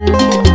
you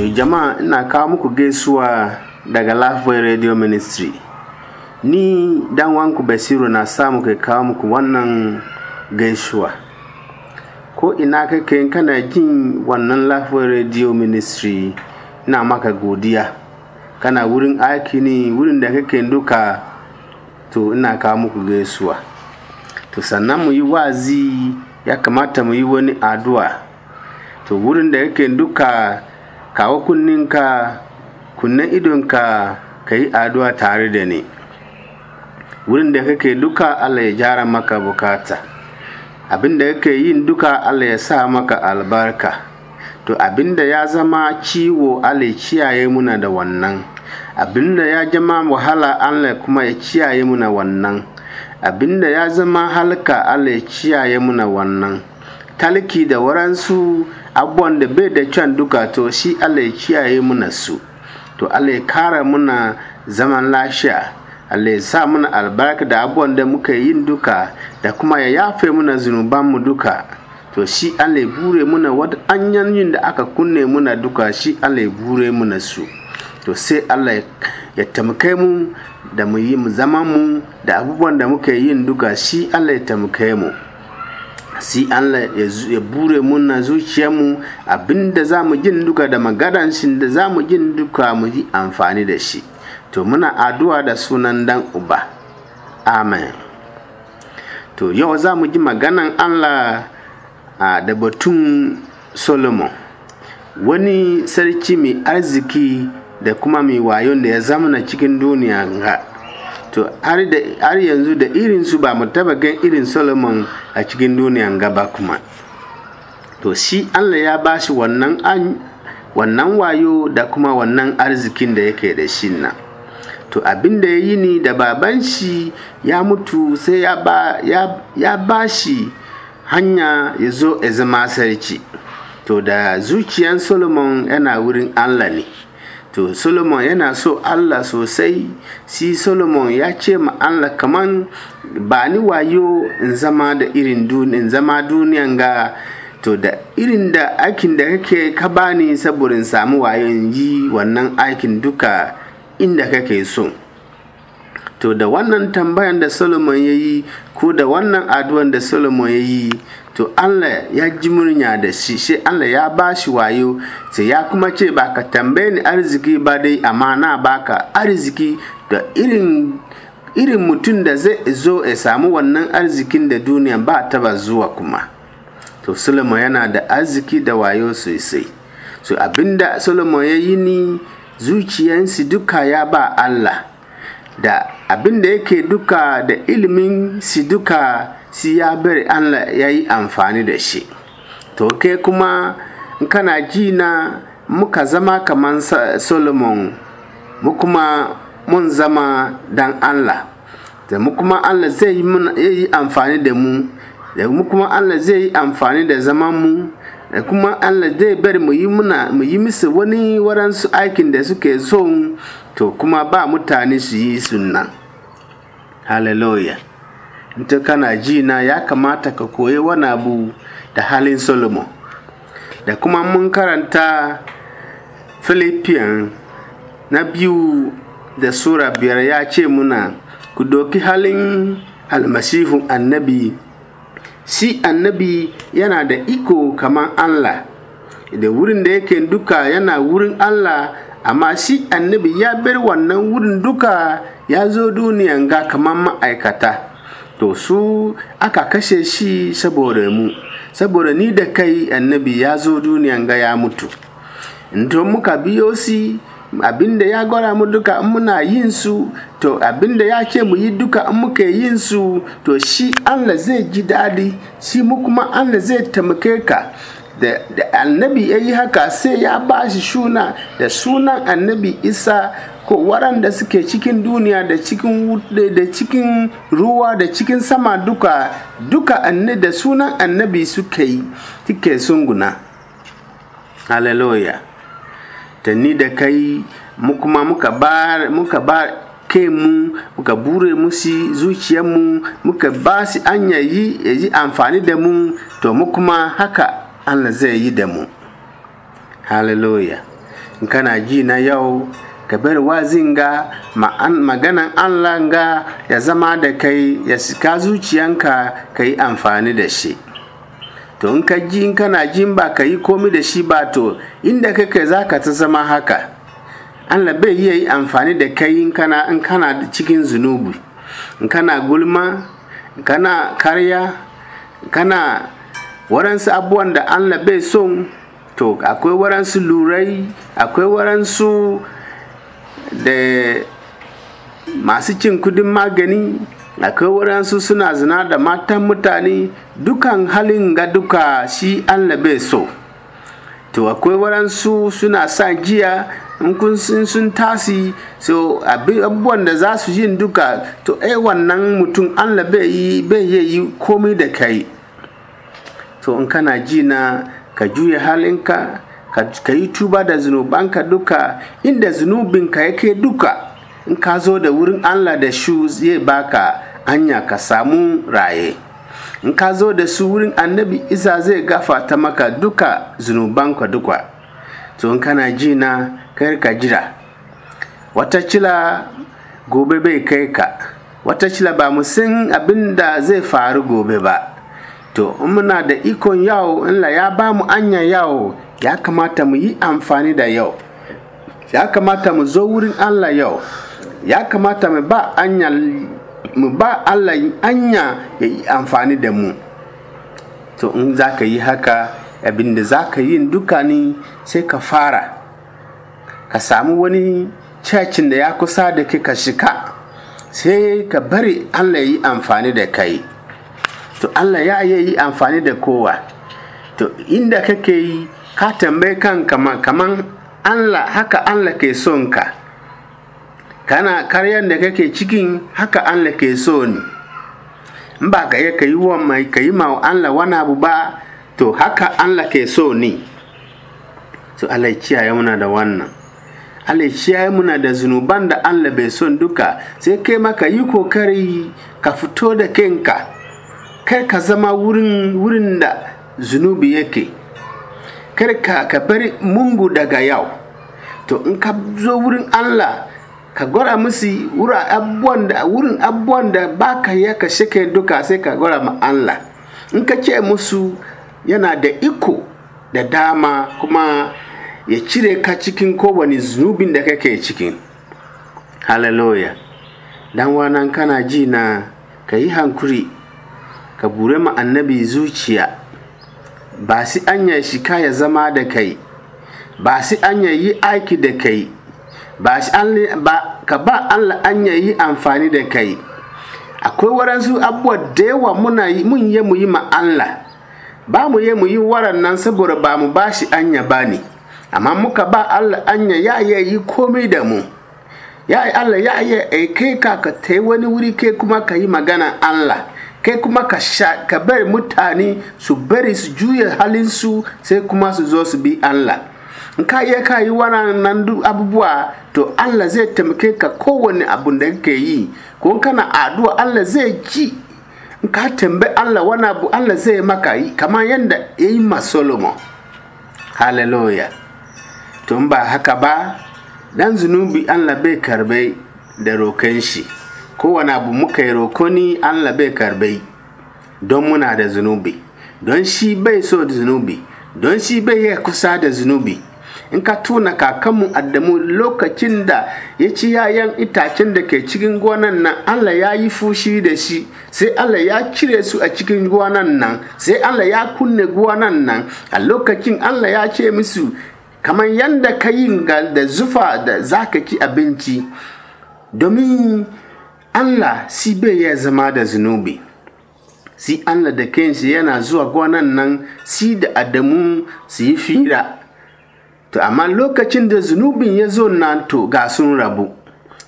To eh, jama'a ina kawo muku gaisuwa daga Lifeway Radio Ministry. Ni dan wanku Basiru na samu kai kawo muku wannan gaisuwa. Ko ina kake kana jin wannan Lifeway Radio Ministry ina maka godiya. Kana wurin aiki ne wurin da kake duka to ina kawo muku gaisuwa. To sannan mu yi wazi ya kamata mu yi wani addu'a. To wurin da kake duka kawo kunninka kunnen idonka ka yi addu'a tare da ni wurin da kake duka allah ya jara maka bukata abin da kake yin duka allah ya sa maka albarka to abin da ya zama ciwo allah ya ciyaye muna da wannan abin da ya jama wahala allah kuma ya ciyaye muna wannan abin da ya zama halka allah ya ciyaye muna wannan talki da waransu abubuwan da bai da kyan duka to shi Allah ya kiyaye muna su to Allah ya kara muna zaman lafiya Allah ya sa muna albarka da abubuwan da muka yin duka da kuma ya yafe muna mu duka to shi Allah ya bure muna wata anyan da aka kunne muna duka shi Allah ya bure muna su to sai Allah ya tamkai mu da mu yi mu zama mu da abubuwan da muka yin duka shi Allah ya tamkai mu si Allah ya bure muna zuciyarmu da za mu jin duka da shi da za mu jin duka mu yi amfani da shi to muna addu'a da sunan dan uba amen to yau za mu ji maganan Allah a da batun solomon wani sarki mai arziki da kuma mai wayon da ya zamana cikin duniya to har yanzu da irin su ba mu taba gan irin solomon a cikin duniyan gaba kuma to shi allah ya ba shi wannan wannan wayo da kuma wannan arzikin da yake da shi nan to abin da ya yi ni da baban shi ya mutu sai ya ba shi hanya ya zo ya zama sarki to da zuciyan solomon yana wurin allah ne to solomon yana so allah sosai si solomon ya ce ma allah kaman ba ni wayo in zama da irin in zama duniyan ga to da irin da aikin da kake ka bani saboda samu wayo in yi wannan aikin duka inda kake so to da wannan tambayan da solomon ya yi ko da wannan addu'an da solomon ya yi to allah ya ji murya da shi shi allah ya ba shi wayo sai ya kuma ce ba ka tambaye ni arziki ba dai amma na baka arziki da irin irin mutum da zai zo ya samu wannan arzikin da duniya ba ta ba zuwa kuma to solomon yana da arziki da wayo sosai so abinda solomon ya yi ni zuciyansu duka ya ba allah da abin da yake duka da ilimin si duka si ya bari Allah ya yi amfani da shi to ke kuma in kana ji na muka zama kamar solomon mu kuma mun zama dan Allah da mu kuma Allah zai yi amfani da mu da mu kuma Allah zai yi amfani da zaman mu Eh, kuma Allah zai bari mu yi muna mu yi musu wani waransu aikin da suke so to kuma ba mutane su yi sunna hallelujah ita kana ji na ya kamata ka koyi wani abu da halin solomon da kuma mun karanta philippian na biyu da sura biyar ya ce muna ku doki halin almasihun annabi shi annabi yana da iko kamar Allah da wurin da yake duka yana wurin Allah amma shi annabi ya bar wannan wurin duka ya zo duniyan ga kamar ma'aikata to su aka kashe shi saboda mu saboda ni da kai annabi ya zo duniyan ga ya mutu don muka biyo shi abinda ya gwara mu duka in muna yin su to abinda ya ce mu yi duka in muka yin su to shi Allah zai ji daɗi shi mu kuma Allah zai taimake ka da annabi ya yi haka sai ya ba shi suna da sunan annabi isa ko waɗanda suke cikin duniya da cikin da cikin ruwa da cikin sama duka duka anne da sunan annabi suka yi suke sunguna hallelujah da ni da kai mu kuma muka ba muka ba ke mu muka bure musu zuciyar mu muka ba su anya yi ya yi amfani da mu to mu kuma haka Allah zai yi da mu hallelujah in kana ji na yau ka bar wazin ga maganan Allah ga ya zama da kai ya sika zuciyanka ka yi amfani da shi to in ka ji in kana jin ba ka yi komi da shi ba to inda kai za ka ta zama haka Allah bai iya yi amfani da kai in kana in kana cikin zunubi in kana gulma in kana karya kana waransu abubuwan da Allah bai son to akwai waransu lurai akwai waransu da masu cin kudin magani akwai waɗansu suna zina da matan mutane dukan halin ga duka shi Allah bai so to akwai waɗansu suna sa giya in kun sun tasi so abubuwan da za su yin duka to ai wannan mutum Allah bai yi bai yi komai da kai to in kana ji na ka juya halinka ka yi tuba da zunubanka duka inda zunubinka yake duka in ka zo da wurin Allah da shu zai baka anya ka samu raye in ka zo da su wurin annabi isa zai gafata maka duka zunubanka duka to in kana ji na kai ka jira watacila gobe bai kai ka wata ba mu san abin da zai faru gobe ba to in muna da ikon yawo in la ya ba mu anya yawo ya kamata mu yi amfani da yau ya kamata mu zo wurin allah yau ya kamata mu ba anya mu ba Allah anya ya yi amfani da mu to in za ka yi haka abinda za ka yi dukani sai ka fara ka samu wani cacin da ya kusa da ke ka shika sai ka bari allah ya yi amfani da kai to allah ya yi amfani da kowa to inda kake yi ka tambaye kan kaman kaman allah haka allah ke son ka kana karyan da kake cikin haka Allah ke so ne in ba ka iya kai wa mai kai ma Allah wani abu ba to haka Allah ke so ne so Allah muna da wannan Allah ya muna da zunuban da Allah bai son duka sai kai maka yi kokari ka fito da kanka kai ka zama wurin wurin da zunubi yake kar ka ka bari mungu daga yau to in ka zo wurin Allah ka gwara musu wurin abubuwan da wurin ka yi ka shekai duka sai ka gwara ma Allah in ka ce musu yana da iko da dama kuma ya cire ka cikin kowane zunubin da kake cikin hallelujah dan wanan kana ji na ka yi hankuri ka bure ma annabi zuciya ba si anya shi ka ya zama da kai ba si anya yi aiki da kai ba shi ba ka ba Allah an yi amfani da kai akwai waransu abubuwa da yawa muna yi mun yi mu yi ma Allah ba mu yi mu yi warannan saboda ba mu ba shi anya ba ne amma muka ba Allah anya ya iya yi komai da mu ya Allah ya iya eh, kai ka ka yi wani wuri kai kuma ka yi magana Allah kai kuma ka sha ka bari mutane su bari su juya halinsu sai kuma su zo su bi Allah in ka iya ka yi waɗannan abubuwa to Allah zai taimake ka kowane abun da kake yi ko kana addu'a Allah zai ji in ka tambayi Allah wani abu Allah zai maka yi kamar yadda ya yi ma Solomon hallelujah to ba haka ba dan zunubi Allah bai karbe da roƙon shi kowane abu muka yi rokoni ni Allah bai karbe don muna da zunubi don shi bai so da zunubi don shi bai ya kusa da zunubi in ka tuna kakanmu addamu lokacin da ya ci yayan itacen da ke cikin gonan nan allah ya yi fushi da shi sai allah ya cire su a cikin gonan nan sai allah ya kunne gonan nan a lokacin allah ya ce musu kamar yadda ka yi da zufa da zaka ci abinci domin allah si bai ya zama da zunubi si allah da kanshi yana zuwa gonan nan si da adamu su yi fira to amma lokacin da zunubin ya zo nan to ga sun rabu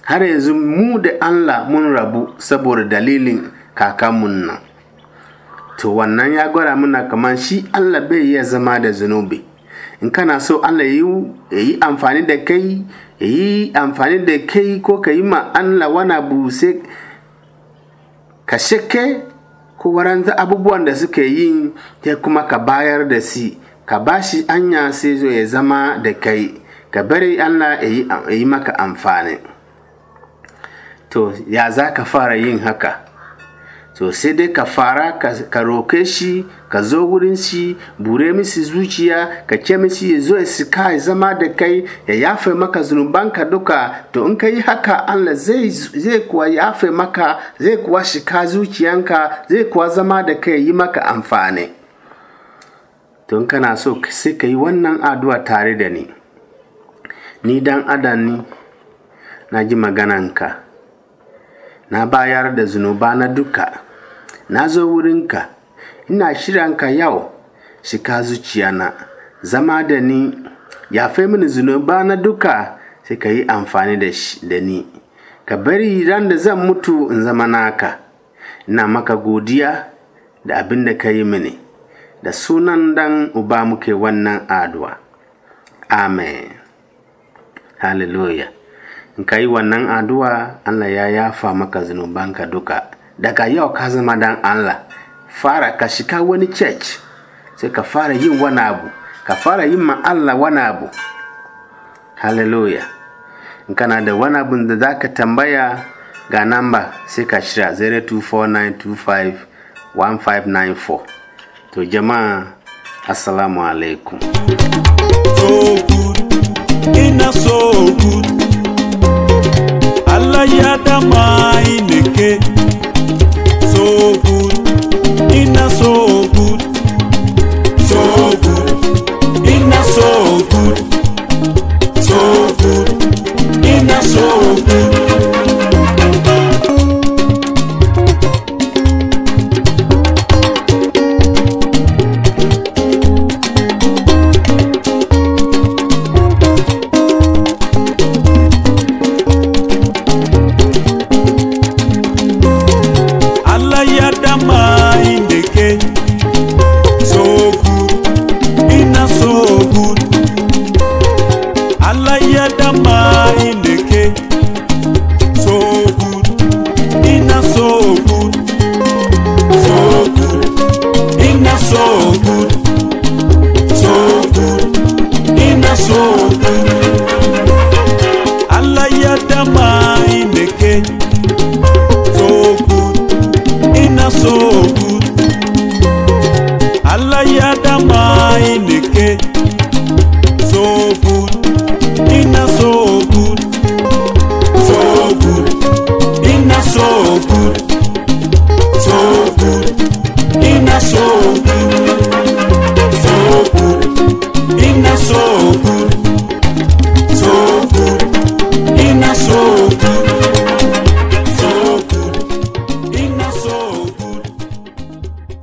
har yanzu mu da Allah mun rabu saboda dalilin kakamun nan to wannan ya gwada muna kamar shi Allah bai iya zama da zunubi in kana so Allah ya yi amfani da kai ya yi amfani da kai ko ka yi ma Allah wana buse ka shake ko waran abubuwan da suke yin ya kuma ka bayar da si ka ba shi anya sai zo ya zama da kai ka bari allah ya yi maka amfani to ya za ka fara yin haka to sai dai ka fara ka roke shi ka zo wurin shi bure misi zuciya ka ce misi ya zo ya sika ya zama da kai ya yafe maka zunubanka duka to in ka yi haka allah zai kuwa yafe maka zai kuwa shika zuciyanka zai kuwa zama da kai yi maka amfani don kana so sai ka yi wannan addu'a tare da ni ni dan adam na ji magananka na bayar da zunuba na duka na zo wurinka ina ka yau zuciya na. zama da ni yafe mini zunuba na duka sai ka yi amfani da ni ka bari ran da zan mutu in zama naka ina maka godiya da abin da ka yi mini da sunan dan uba muke wannan adu'a. amen hallelujah in ka yi wannan addu'a allah ya yafa maka zunubanka duka daga yau ka zama dan allah fara ka shiga wani church sai ka fara yin wani abu ka fara yin ma allah wani abu hallelujah in kana da wani abu da za ka tambaya ga namba sai ka shira 0249251594 To jama'a assalamu alaikum. So good, ina so good. Allah ya dama ineke. So good, ina so good. So good, ina so good. So good, ina so good. binadamu ini